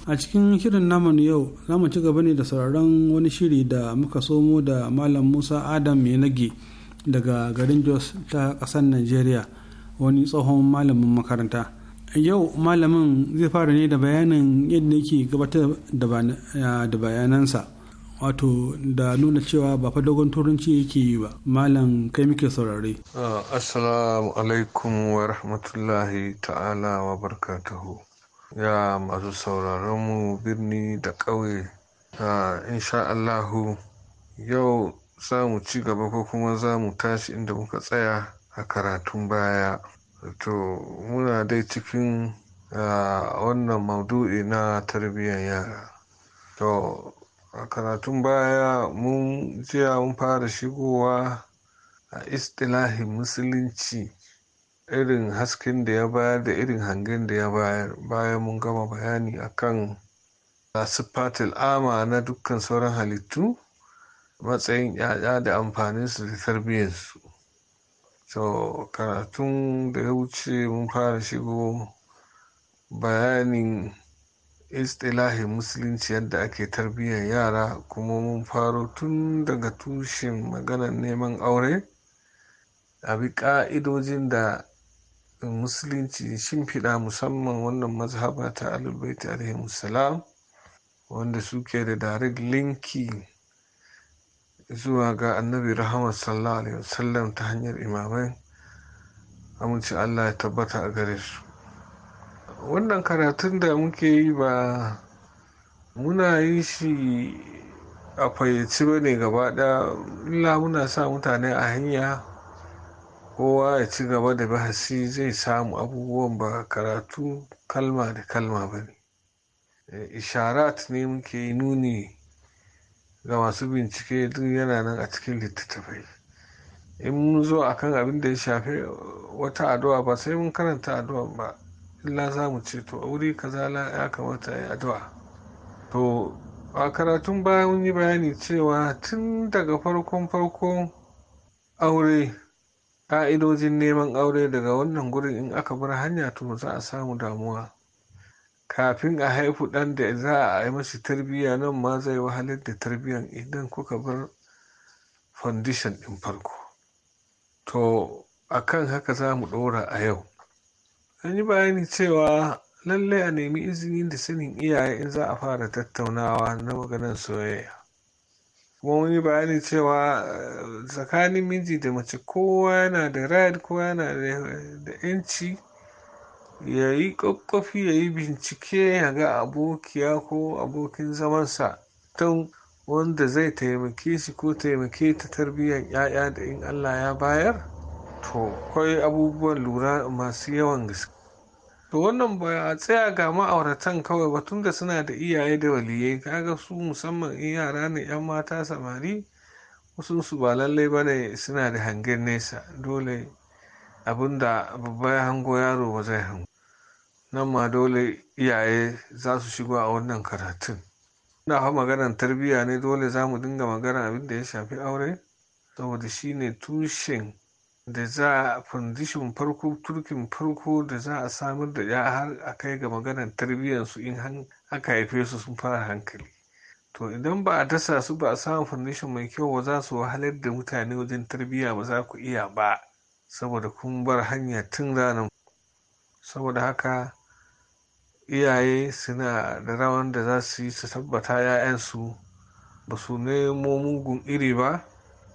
a cikin shirin naman yau za mu ci gaba ne da sauraron wani shiri da muka somo da malam musa adam ya nage daga garin jos ta ƙasar nigeria wani tsohon malamin makaranta yau malamin zai fara ne da bayanin yadda yake gabatar da bayanansa wato da nuna cewa ba fa dogon turanci
yake yi ba malam kai muke saurare ah, assalamu alaikum wa rahmatullahi ta'ala wa barkatahu ya masu sauraron mu birni da ƙauye insha Allahu yau za mu ci gaba ko kuma za mu tashi inda muka tsaya a karatun baya to muna dai cikin wannan maudu'i na tarbiyyar yara to a karatun baya mun jiya mun fara shigowa a istilahin musulunci irin hasken da ya bayar da irin hangen da ya bayar bayan mun gama bayani akan sifatil ama na dukkan sauran halittu matsayin ya'ya da amfaninsu da tarbiyyarsu so karatun da ya wuce mun fara shigo bayanin istilahin musulunci yadda ake tarbiyyar yara kuma mun faro tun daga tushen maganar neman aure a bi ƙa'idojin da musulunci shimfiɗa musamman wannan mazhaba ta alibaita alaihi salam wanda suke da direct linki zuwa ga annabi rahama sallallahu alaihi wasallam ta hanyar imamai amince allah ya tabbata a gare su wannan karatun da muke yi ba muna yi shi a fayyace ba ne gaba ɗaya illa muna sa mutane a hanya kowa ya ci gaba da bahasi zai samu abubuwan ba karatu kalma da kalma ba ne eh, isharat ne muke nuni ga masu bincike duk yana nan a cikin littattafai in mun zo a kan abin da ya shafi wata addu'a ba sai mun karanta addu'a ba illa za mu ce to wuri kaza ya kamata ya addu'a to a karatun baya mun yi bayani cewa tun daga farkon farkon aure ƙa'idojin neman aure daga wannan gurin in aka bar hanya to za a samu damuwa kafin a haifi ɗan da za a yi mashi tarbiyya nan ma zai wahalar da tarbiyyan idan kuka bar foundation ɗin farko to a kan haka za mu ɗora a yau an yi bayani cewa lallai a nemi izini da sanin iyaye in za a fara tattaunawa na maganar soyayya kuma mun yi cewa eh, tsakanin miji da mace kowa yana da right kowa yana da yanci ya yi ƙwaƙwafi ya yi bincike ya ga abokiya ko abokin zamansa tun wanda zai taimake shi ko taimake ta tarbiyyar 'ya'ya da in allah ya bayar to akwai abubuwan lura masu yawan gaske to wannan ba a tsaya ga ma'auratan kawai ba tunda suna da iyaye da waliyai kaga su musamman in yara ne yan mata samari wasu su ba lallai ba ne suna da hangen nesa dole abin da babba ya hango yaro ba zai hango nan ma dole iyaye za su shigo a wannan karatun na fa maganar tarbiyya ne dole za mu dinga maganar abin da ya shafi aure saboda shine tushen da za a fundishin farko turkin farko da za a samar da ya har a kai ga maganar tarbiyyarsu in aka haife su sun fara hankali to idan ba a dasa su ba a samun fundishin mai kyau ba za su wahalar da mutane wajen tarbiyya ba za ku iya ba saboda kun bar hanya tun ranar saboda haka iyaye suna da rawan da za su yi su tabbata 'ya'yansu ba su nemo mugun iri ba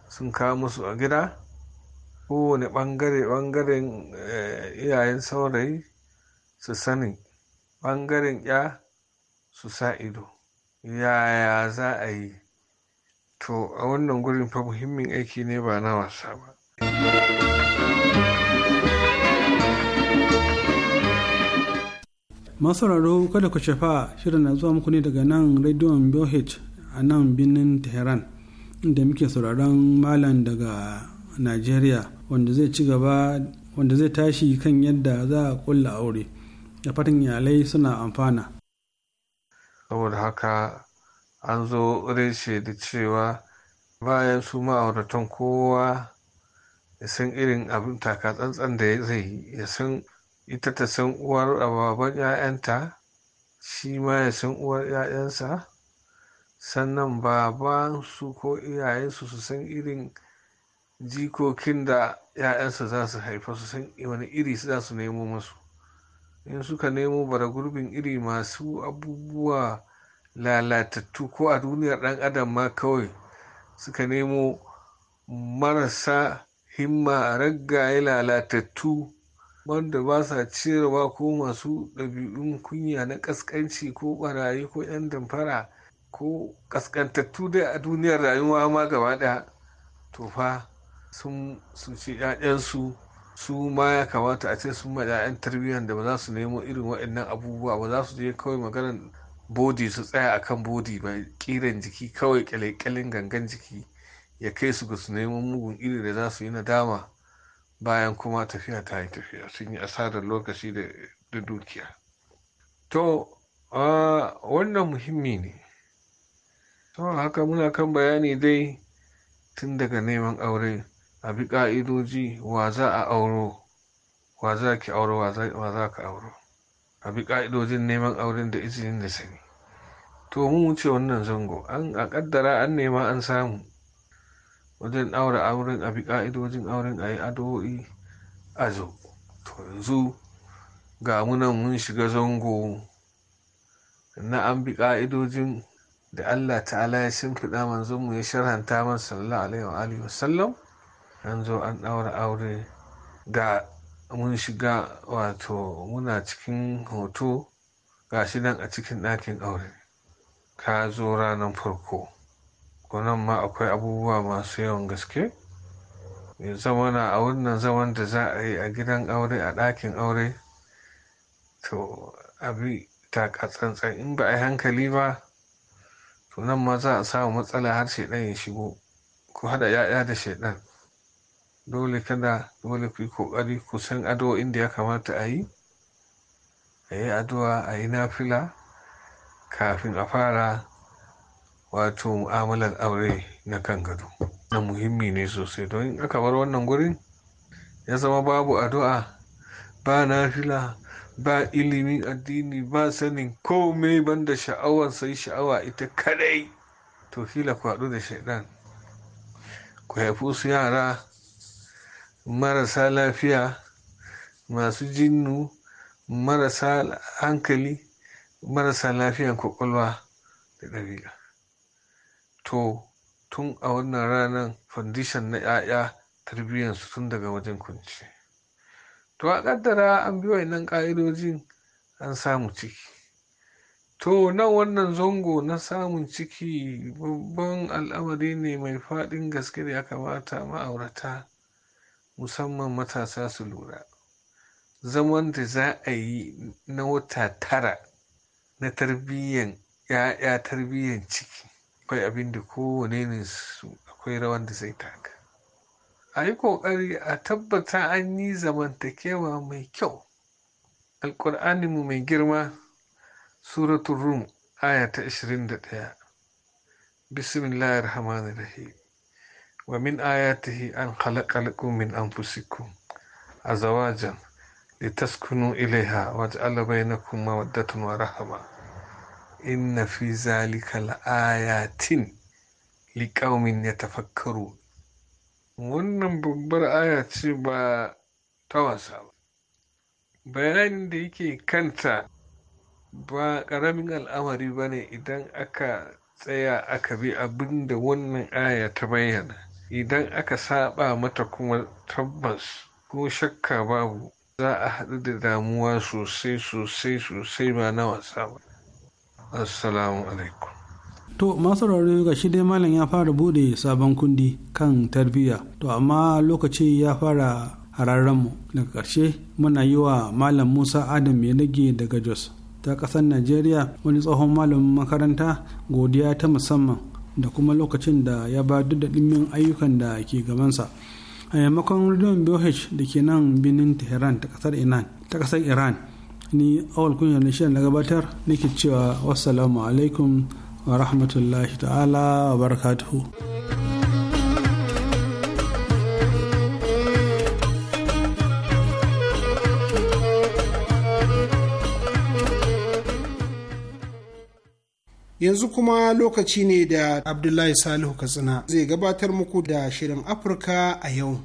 sun kawo musu a gida kowane ɓangare ɓangaren eh, iyayen saurayi su sani ɓangaren ya su sa ido yaya za a yi to a wannan gurin fa muhimmin aiki ne ba na wasa ba
masauraro kada ku shafa shirin na zuwa muku ne daga nan rediyon BOH a nan birnin tehran inda muke sauraron malam daga nigeria wanda zai ci gaba wanda zai tashi kan yadda za a kulla aure da fatan iyalai suna amfana
saboda haka an zo reshe da cewa bayan su ma'auratan kowa ya san irin abin taka tsantsan da zai yi ya san ita ta san uwar ababen 'ya'yanta shi ma ya san uwar 'ya'yansa sannan baban su ko iyayensu su san irin jikokin da 'ya'yansa za su haifa su san wani iri za su nemo masu in suka nemo bara gurbin iri masu abubuwa lalatattu ko a duniyar ɗan adam ma kawai suka nemo marasa himma raggaye lalatattu wanda ba sa ciyarwa ko masu ɗabi'un kunya na ƙasƙanci ko ɓarayi ko 'yan damfara ko ƙasƙantattu dai a duniyar rayuwa ma gaba ɗaya to fa sun ci 'ya'yansu su ma ya kamata a ce sun ma 'ya'yan tarbiyyar da ba za su nemo irin waɗannan abubuwa ba za su je kawai maganar bodi su tsaya a kan bodi ba ƙiran jiki kawai kyalekyalen gangan jiki ya kai su ga su nemo mugun iri da za su yi nadama bayan kuma tafiya ta yi tafiya sun yi asarar lokaci da dukiya to wannan muhimmi ne to haka muna kan bayani dai tun daga neman aure a bi ƙa'idoji wa za a auro wa za ki auro wa za ka auro a bi ƙa'idojin neman auren da izinin da sani to mun wuce wannan zango an a ƙaddara an nema an samu wajen ɗaura auren a bi ƙa'idojin auren a yi addu'o'i a zo to yanzu ga munan mun shiga zango na an bi ƙa'idojin da Allah ta'ala ya shimfiɗa manzon mu ya sharhanta man sallallahu alaihi wa sallam an zo an ɗaura aure ga mun shiga wato muna cikin hoto ga shi nan a cikin ɗakin aure ka zo ranar farko kunan ma akwai abubuwa masu yawan gaske ya na a wannan zaman da za a yi a gidan aure a ɗakin aure to abi takatsantsan in ba a yi hankali ba to nan ma za a samu matsala har shaidan ya shigo ku haɗa 'ya'ya da shaidan dole kada dole ku yi ƙoƙari ku san addu'o'in da ya kamata a yi a yi addu'a a yi nafila kafin a fara wato mu'amalar aure na kan gado na muhimmi ne sosai don in aka bar wannan gurin ya zama babu addu'a ba nafila ba ilimin addini ba sanin komai banda sha'awar sai sha'awa ita kadai to kila ku haɗu da shaidan ku haifi su yara marasa lafiya masu jinnu marasa hankali marasa lafiyan kwakwalwa da ɗabi'a to tun a wannan ranar foundation na 'ya'ya tarbiyyansu tun daga wajen kunci to a ƙaddara an bi nan ƙa'idojin an samu ciki to nan wannan zango na samun ciki babban al'amari ne mai faɗin gaske da ya kamata ma'aurata musamman matasa su lura zaman da za a yi na wata tara na tarbiyyan ya'ya tarbiyyan ciki akwai abin da kowane ne su akwai rawan da zai taka a yi ƙoƙari a tabbata an yi zamantakewa mai kyau mu mai girma suratul rum aya ta 21 bismillahir rahmanir rahim ومن آياته أن خلق لكم من أنفسكم أزواجا لتسكنوا إليها واجعل بينكم مودة ورحمة إن في ذلك لآيات لقوم يتفكرون wannan babbar aya ce ba ta wasa ba bayanin da yake kanta ba ƙaramin al'amari ba ne idan aka tsaya aka bi abinda wannan aya ta bayyana idan aka saba mata kuma tabbas ko shakka babu za a haɗu da damuwa sosai sosai sosai ba na wasa ba assalamu alaikum
to masu rauni ga shi dai malam ya fara bude sabon kundi kan tarbiyya to amma lokaci ya fara mu daga karshe muna yi wa malam musa adam ya nage daga jos ta ƙasar najeriya wani tsohon malamin makaranta godiya ta musamman da kuma lokacin da ya ba duk da dimmin ayyukan da ke gabansa a yammakon rediyon BOH da ke nan binin tehran ta kasar iran ni awal kunyar na shirin na gabatar nake cewa wassalamu alaikum wa rahmatullahi ta'ala wa barakatuhu.
yanzu kuma lokaci ne da abdullahi salihu katsina zai gabatar muku da shirin afirka a yau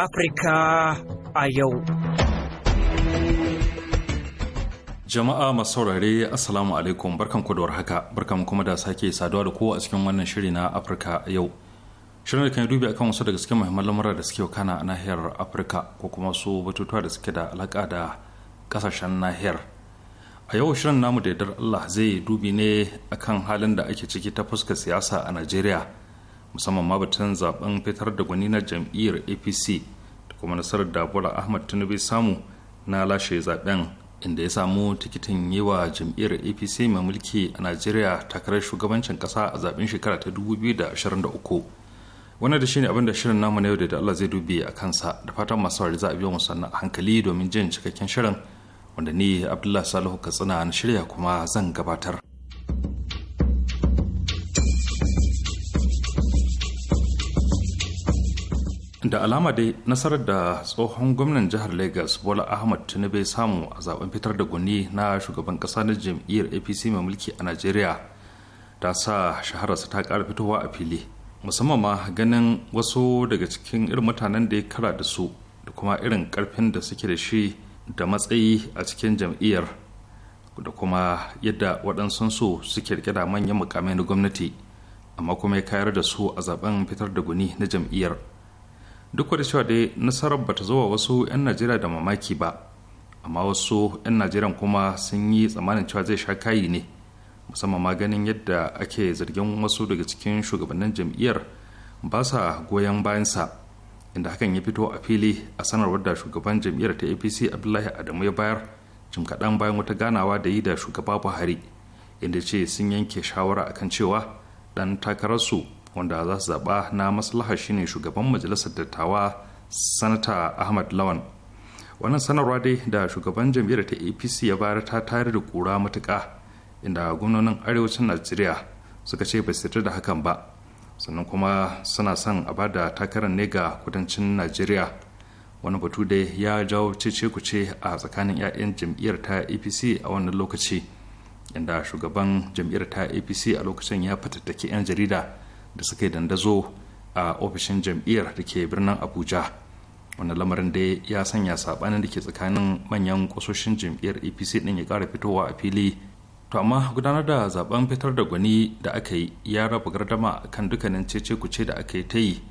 Afirka a yau.
Jama'a masu saurare Assalamu alaikum barkan da haka, barkan kuma da sake saduwa da kowa a cikin wannan shiri na Afirka yau. shirin da kan dubi akan wasu daga cikin muhimman lamura da suke kana a nahiyar afirka ko kuma su batutuwa da suke da alaka da kasashen nahiyar a yau shirin namu da yadar allah zai dubi ne akan halin da ake ciki ta fuskar siyasa a najeriya musamman ma batun zaben fitar da gwani na jam'iyyar apc da kuma nasarar da bola ahmad tinubu samu na lashe zaben inda ya samu tikitin yi wa jam'iyyar apc mai mulki a najeriya takarar shugabancin kasa a zaben shekara ta 2023 wannan da shine abin da shirin namu na yau da Allah zai dubi a kansa da fatan masu za a biyo mu sannan a hankali domin jin cikakken shirin wanda ni Abdullahi Salihu Katsina na shirya kuma zan gabatar. da alama dai nasarar da tsohon gwamnan jihar lagos bola ahmad tinubu samu a zaben fitar da gwani na shugaban kasa na jam'iyyar apc mai mulki a najeriya ta sa shahararsa ta kara fitowa a fili musamman ma ganin wasu daga cikin irin mutanen da ya kara da su da kuma irin karfin da suke da shi da matsayi a cikin jam'iyyar da kuma yadda waɗansu su suke rike da manyan mukamai na gwamnati amma kuma ya kayar da su a zaben fitar da guni na jam'iyyar duk da cewa dai nasarar bata zo wa wasu 'yan najeriya da mamaki ba amma wasu 'yan najeriya kuma sun yi tsammanin cewa zai sha kayi ne musamman ma ganin yadda ake zargin wasu daga cikin shugabannin jam'iyyar ba sa goyon bayansa inda hakan ya fito a fili a sanarwar da shugaban jam'iyyar ta apc abdullahi adamu ya bayar jim kaɗan bayan wata ganawa da yi da shugaba buhari inda ce sun yanke shawara akan cewa ɗan takararsu wanda za su zaɓa na maslaha shine shugaban majalisar dattawa sanata ahmad lawan wannan sanarwa dai da shugaban jam'iyyar ta apc ya bayar ta tare da kura matuƙa inda gwamnonin arewacin najeriya suka ce ba su da hakan ba sannan kuma suna son a ba da takarar ne ga kudancin najeriya wani batu dai ya jawo cece kuce a tsakanin 'ya'yan jam'iyyar ta apc a wannan lokaci inda shugaban jam'iyyar ta apc a lokacin ya fatattaki 'yan jarida da suka yi dandazo a ofishin jam'iyyar da ke birnin abuja wani lamarin dai ya sanya sabanin da ke tsakanin manyan kusoshin jam'iyyar apc din ya kara fitowa a fili to amma gudanar da zaben fitar da gwani da aka yi ya raba gardama kan dukkanin cece kuce da aka yi ta yi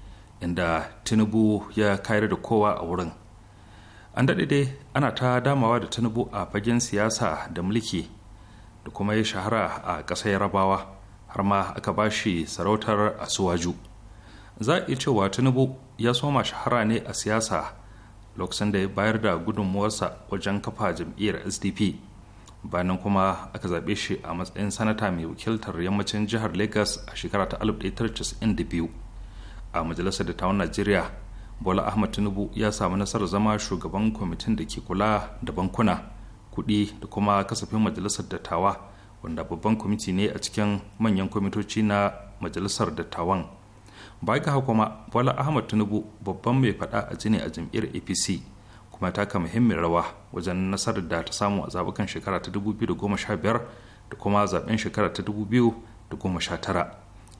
inda tinubu ya kayar da kowa a wurin an daɗe dai ana ta damawa da tinubu a fagen siyasa da mulki da kuma ya shahara a ƙasar yarabawa har ma aka ba shi sarautar asuwaju za a iya cewa tinubu ya soma shahara ne a siyasa lokacin da ya bayar da gudunmuwarsa wajen kafa jam'iyyar sdp Bayanan kuma aka zaɓe shi a matsayin sanata mai wakiltar yammacin jihar lagos a shekara ta 1992 a majalisar dattawan najeriya bola ahmad tinubu ya samu nasarar zama shugaban kwamitin da ke kula da bankuna kuɗi da kuma kasafin majalisar dattawa wanda babban kwamiti ne a cikin manyan kwamitoci na majalisar dattawan baya ga kuma bola ahmad tinubu babban mai faɗa a jini a jam'iyyar apc kuma taka muhimmin rawa wajen nasarar da ta samu a zabukan shekara ta 2015 da kuma zaben shekara ta 2019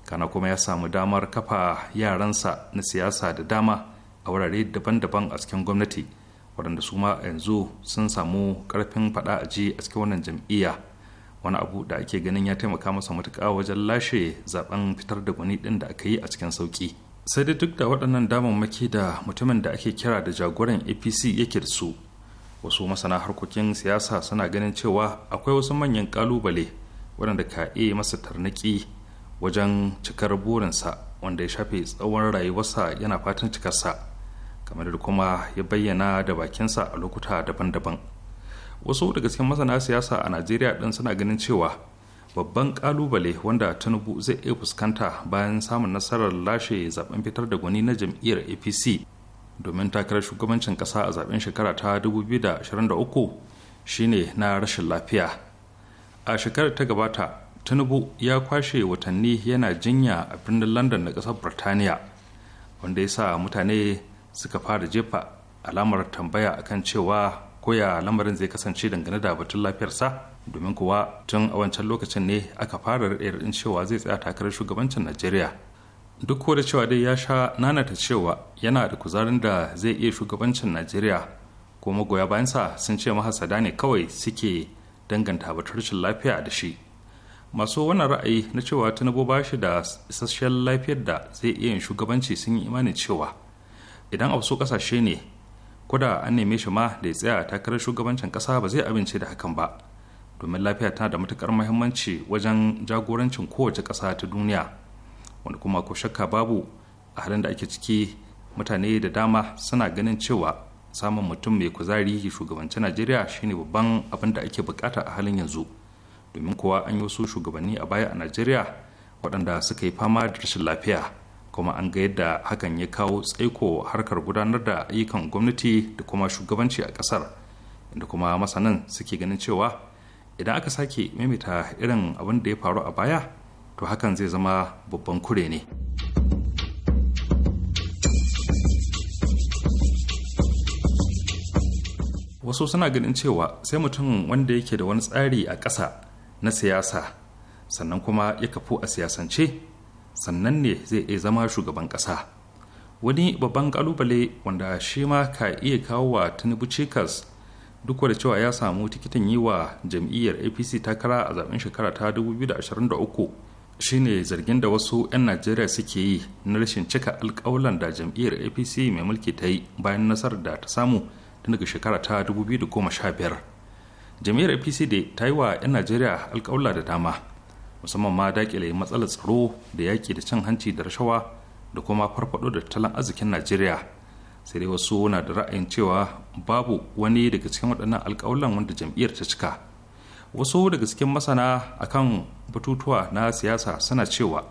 kana kuma ya samu damar kafa yaransa na siyasa da dama a wurare daban-daban a cikin gwamnati waɗanda su ma yanzu sun samu ƙarfin faɗa a ji a cikin wannan jam'iyya wani abu da ake ganin ya taimaka masa matuƙa wajen lashe zaben fitar da gwani ɗin da aka yi a cikin sauƙi. sai dai duk da waɗannan damammaki da mutumin da ake kira da jagoran apc yake da su wasu masana harkokin siyasa suna ganin cewa akwai wasu manyan kalubale waɗanda ka iya masa tarnaki wajen cikar burinsa wanda ya shafe tsawon rayuwarsa yana fatan cikarsa kamar da kuma ya bayyana da bakinsa a lokuta daban-daban wasu daga cikin masana siyasa a najeriya ɗin suna ganin cewa babban kalubale wanda tinubu zai iya fuskanta bayan samun nasarar lashe zaben fitar da gwani na jam'iyyar apc domin takarar shugabancin kasa a zaben shekara ta 2023 shine na rashin lafiya a shekarar ta gabata tinubu ya kwashe watanni yana jinya a birnin london na kasar birtaniya wanda ya sa mutane suka fara jefa alamar tambaya akan cewa koya lamarin zai kasance dangane da batun lafiyarsa domin kuwa tun a wancan lokacin ne aka fara raɗe cewa zai tsaya takarar shugabancin najeriya duk da cewa dai ya sha nanata cewa yana da kuzarin da zai iya shugabancin najeriya ko magoya bayansa sun ce mahasada ne kawai suke danganta batun lafiya da shi masu wannan ra'ayi na cewa tinubu ba shi da isasshen lafiyar da zai iya yin shugabanci sun yi imanin cewa idan abu so kasashe ne kuda an neme shi ma da ya tsaya takarar shugabancin kasa ba zai amince da hakan ba domin lafiya tana da matukar muhimmanci wajen jagorancin kowace ƙasa ta duniya wanda kuma ko shakka babu a halin da ake ciki mutane da dama suna ganin cewa samun mutum mai kuzari shugabanci najeriya shine babban abin da ake bukata a halin yanzu domin kowa an yi wasu shugabanni a baya a najeriya waɗanda suka yi fama da rashin lafiya kuma an ga yadda hakan ya kawo tsaiko harkar gudanar da ayyukan gwamnati da kuma shugabanci a ƙasar inda kuma masanan suke ganin cewa idan aka sake maimaita irin abin da ya faru a baya to hakan zai zama babban kure ne wasu suna ganin cewa sai mutum wanda yake da wani tsari a ƙasa na siyasa sannan kuma ya kafu a siyasance sannan ne zai iya zama shugaban ƙasa wani babban ƙalubale wanda shi ma ka iya kawo wa tinubu cikas duk da cewa ya samu tikitin yi wa jam'iyyar apc takara a zaben shekara ta 2023 shine zargin da wasu 'yan najeriya suke yi na rashin cika alkawalan da jam'iyyar apc mai mulki ta yi bayan nasarar da ta samu tun daga shekara ta 2015 jam'iyyar apc da ta yi wa 'yan najeriya alkawala da dama musamman ma dakile matsalar tsaro da yaƙi da cin hanci da rashawa da kuma farfado da tattalin arzikin najeriya sai dai wasu na da ra'ayin cewa babu wani daga cikin waɗannan alƙawulan wanda jam'iyyar ta cika wasu daga cikin masana akan batutuwa na siyasa suna cewa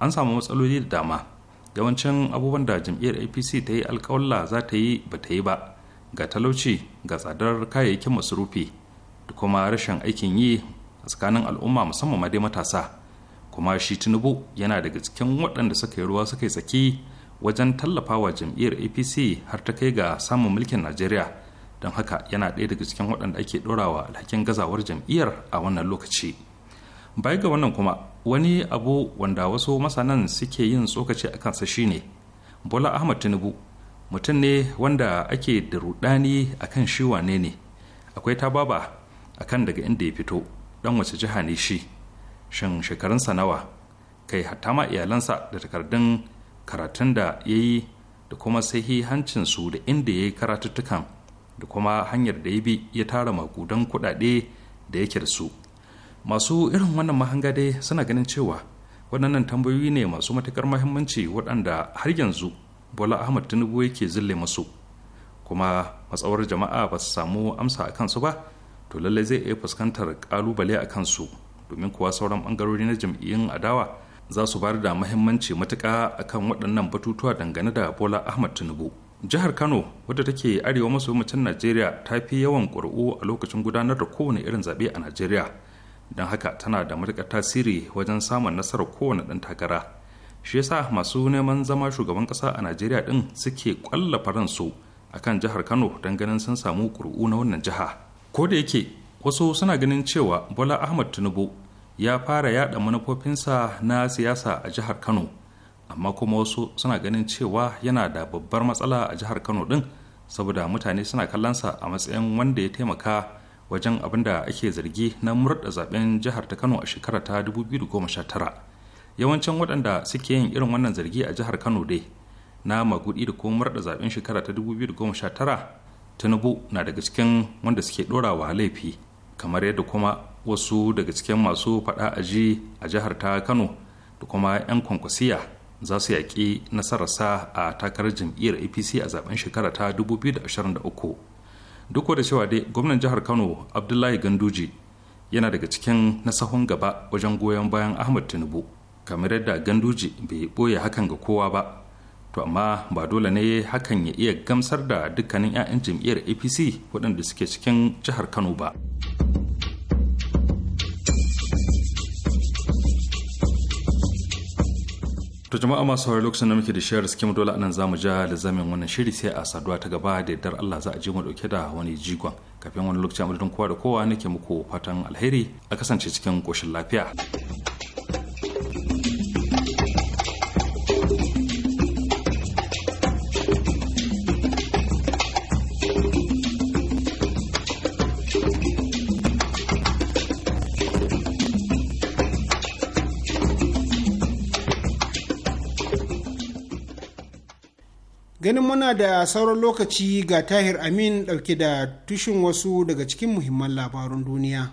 an samu matsaloli da dama yawancin abubuwan da jam'iyyar apc ta yi alƙawalla za ta yi ba ta yi ba ga talauci ga tsadar kayayyakin masurufi da kuma rashin aikin yi a tsakanin al'umma musamman ma dai matasa kuma shi tinubu yana daga cikin waɗanda suka yi ruwa suka yi tsaki wajen tallafawa jam'iyyar apc har ta kai ga samun mulkin najeriya don haka yana ɗaya daga cikin waɗanda ake ɗorawa alhakin gazawar jam'iyyar a wannan lokaci baya ga wannan kuma wani abu wanda wasu masanan suke yin tsokaci a kansa shine bola ahmad tinubu mutum ne wanda ake da rudani a kan shi wane ne akwai baba a kan daga inda ya fito ɗan wace jiha ne shi shin shekarunsa nawa kai hatta ma iyalansa da takardun karatun da ya yi da kuma sai sahihancinsu da inda ya yi karatuttukan da kuma hanyar da ya bi ya tara makudan kudade da yake da su masu irin wannan mahanga dai suna ganin cewa waɗannan tambayoyi ne masu matuƙar mahimmanci waɗanda har yanzu bola ahmad tinubu yake zille masu kuma matsawar jama'a ba su samu amsa a kansu ba to lallai zai iya fuskantar ƙalubale a kansu domin kuwa sauran bangarori na jam'iyyun adawa za su bayar da muhimmanci matuƙa akan waɗannan batutuwa dangane da bola ahmad tinubu jihar kano wadda take arewa maso yammacin najeriya ta fi yawan ƙuri'u a lokacin gudanar da kowane irin zaɓe a najeriya don haka tana da matuƙar tasiri wajen samun nasarar kowane ɗan takara shi yasa masu neman zama shugaban ƙasa a najeriya ɗin suke ƙwallafa ransu akan jihar kano don ganin sun samu ƙuri'u na wannan jiha ko da yake wasu suna ganin cewa bola ahmad tinubu ya fara yada manufofinsa na siyasa a jihar kano amma kuma wasu suna ganin cewa yana da babbar matsala a jihar kano din saboda mutane suna kallonsa a matsayin wanda ya taimaka wajen abin da ake zargi na murda zaben jihar ta kano a shekara ta 2019 yawancin waɗanda suke yin irin wannan zargi a jihar kano dai na magudi da kuma murda zaben shekara ta 2019 tinubu na daga cikin wanda suke ɗorawa laifi kamar yadda kuma wasu daga cikin masu faɗa a ji a jihar ta kano da kuma 'yan kwankwasiya za su yaƙi nasararsa a takarar jam'iyyar apc a zaben shekara ta 2023 duk da cewa dai gwamnan jihar kano abdullahi ganduji yana daga cikin nasahun gaba wajen goyon bayan ahmad tinubu kamar yadda ganduji bai ɓoye hakan ga kowa ba to amma ba dole ne hakan ya iya gamsar da dukkanin 'ya'yan jam'iyyar apc waɗanda suke cikin jihar kano ba. To jama'a masu saurari lokacin da muke da shayar mu dole anan zamu ja da zamin wannan shiri sai a saduwa ta gaba da yardar Allah za a je mu dauke da wani jigon kafin wani lokaci a madadin kowa da kowa nake muku fatan alheri a kasance cikin koshin lafiya.
ganin muna da sauran lokaci ga tahir amin ɗauke da tushen wasu daga cikin muhimman labarun duniya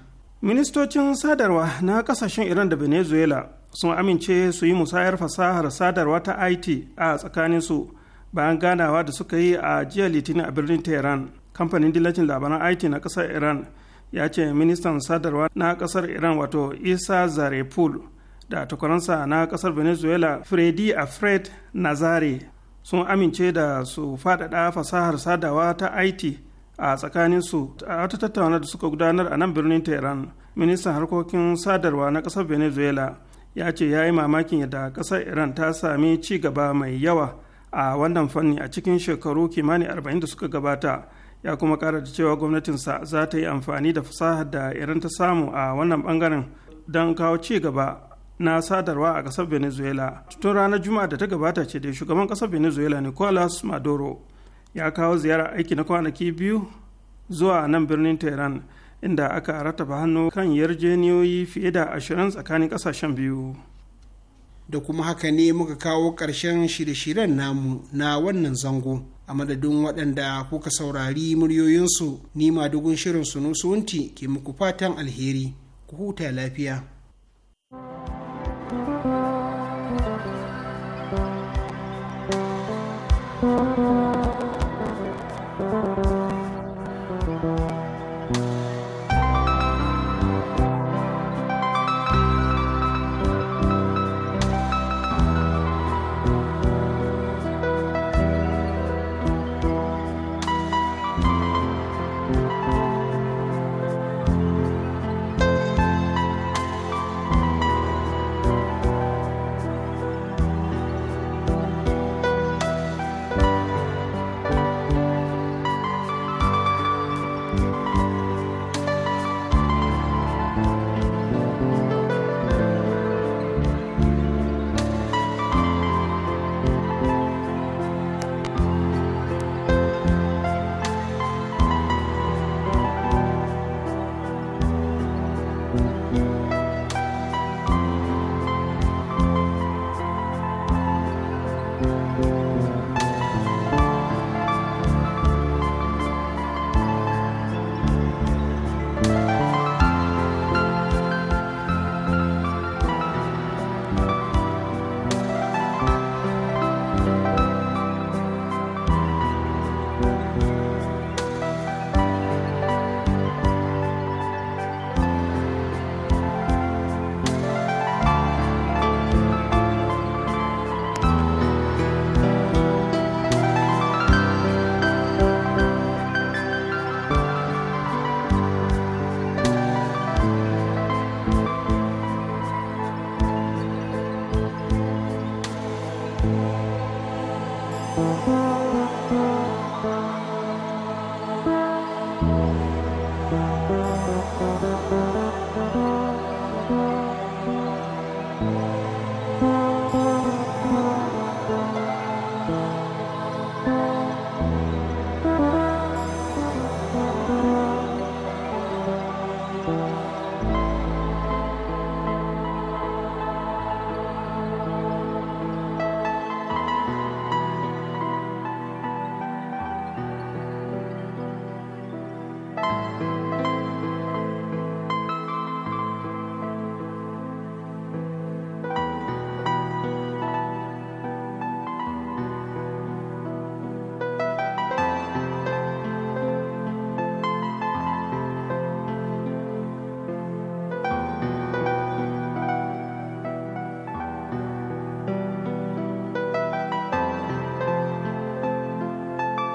ministocin sadarwa na kasashen iran da venezuela sun amince
su yi musayar fasahar sadarwa ta it a tsakanin su bayan ganawa da suka yi a jiya litinin a birnin tehran kamfanin dillacin labaran it na kasar iran ya ce ministan sadarwa na kasar iran wato isa zarepul da takwaransa na kasar venezuela freddy afred nazare sun amince da su faɗaɗa fasahar sadawa ta it a tsakaninsu a wata tattauna da suka gudanar a nan birnin tehran ministan harkokin sadarwa na ƙasar venezuela ya ce ya yi mamakin yadda ƙasar iran ta sami ci gaba mai yawa a wannan fanni a cikin shekaru kimanin arba'in da suka gabata ya kuma ƙara da cewa gwamnatinsa za ta yi amfani da fasahar da iran ta samu a wannan bangaren don kawo ci gaba na sadarwa a ƙasar venezuela tun ranar juma'a da ta gabata ce da shugaban ƙasar venezuela nicolas maduro ya kawo ziyara aiki na kwanaki biyu zuwa nan birnin tehran inda aka rataba hannu kan yarjeniyoyi fiye da ashirin tsakanin ƙasashen biyu
da kuma haka ne muka kawo ƙarshen shirye-shiryen namu na wannan zango a madadin waɗanda kuka saurari muryoyinsu ni madugun shirin sunusunti ke muku fatan alheri ku huta lafiya